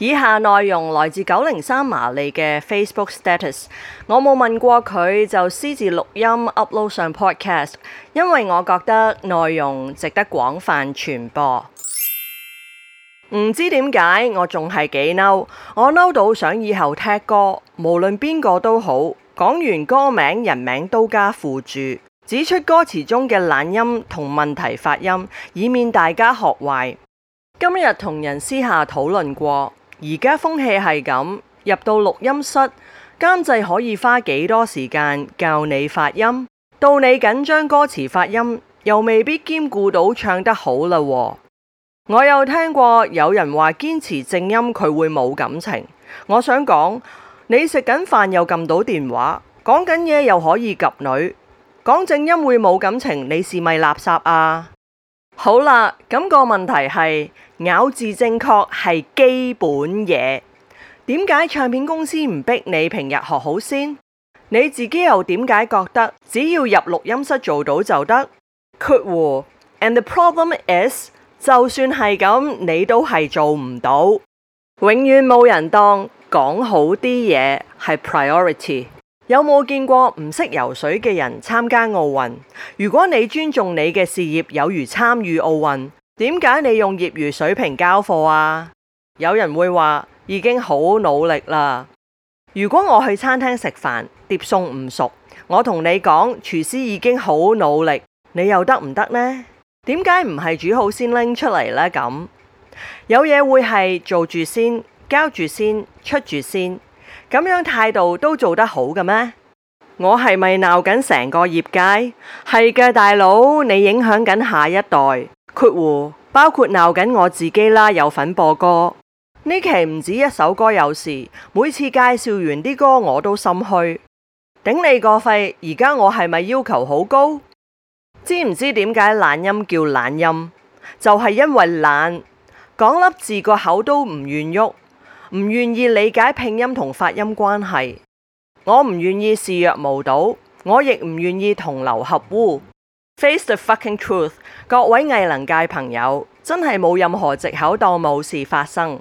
以下內容來自九零三麻利嘅 Facebook status，我冇問過佢就私自錄音 upload 上 podcast，因為我覺得內容值得廣泛傳播。唔 知點解我仲係幾嬲，我嬲到想以後踢歌，無論邊個都好，講完歌名人名都加附注，指出歌詞中嘅懶音同問題發音，以免大家學壞。今日同人私下討論過。而家風氣係咁，入到錄音室，監製可以花幾多時間教你發音，到你緊張歌詞發音又未必兼顧到唱得好啦喎。我又聽過有人話堅持正音佢會冇感情，我想講，你食緊飯又撳到電話，講緊嘢又可以及女，講正音會冇感情，你係咪垃圾啊？好啦，咁、嗯、個問題係，咬字正確係基本嘢，點解唱片公司唔逼你平日學好先？你自己又點解覺得只要入錄音室做到就得？括弧，and the problem is，就算係咁，你都係做唔到，永遠冇人當講好啲嘢係 priority。有冇見過唔識游水嘅人參加奧運？如果你尊重你嘅事業有如參與奧運，點解你用業餘水平交貨啊？有人會話已經好努力啦。如果我去餐廳食飯，碟餸唔熟，我同你講廚師已經好努力，你又得唔得呢？點解唔係煮好先拎出嚟呢？咁有嘢會係做住先，交住先，出住先。咁樣態度都做得好嘅咩？我係咪鬧緊成個業界？係嘅，大佬，你影響緊下一代。括弧包括鬧緊我自己啦，有份播歌呢期唔止一首歌有事。每次介紹完啲歌，我都心虛。頂你個肺！而家我係咪要求好高？知唔知點解懶音叫懶音？就係因為懶，講粒字個口都唔願喐。唔願意理解拼音同發音關係，我唔願意視若無睹，我亦唔願意同流合污。Face the fucking truth，各位藝能界朋友真係冇任何藉口當冇事發生。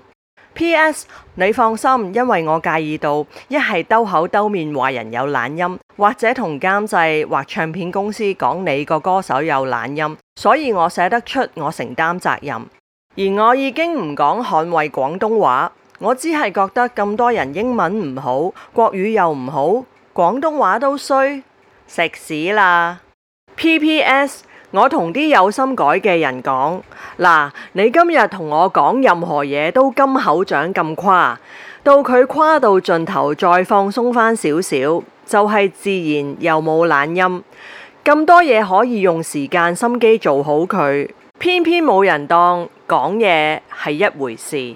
P.S. 你放心，因為我介意到一係兜口兜面話人有懶音，或者同監製或唱片公司講你個歌手有懶音，所以我寫得出，我承擔責任。而我已經唔講捍衞廣東話。我只係覺得咁多人英文唔好，國語又唔好，廣東話都衰，食屎啦！P P S，我同啲有心改嘅人講，嗱，你今日同我講任何嘢都金口獎咁誇，到佢誇到盡頭再放鬆翻少少，就係、是、自然又冇懶音。咁多嘢可以用時間心機做好佢，偏偏冇人當講嘢係一回事。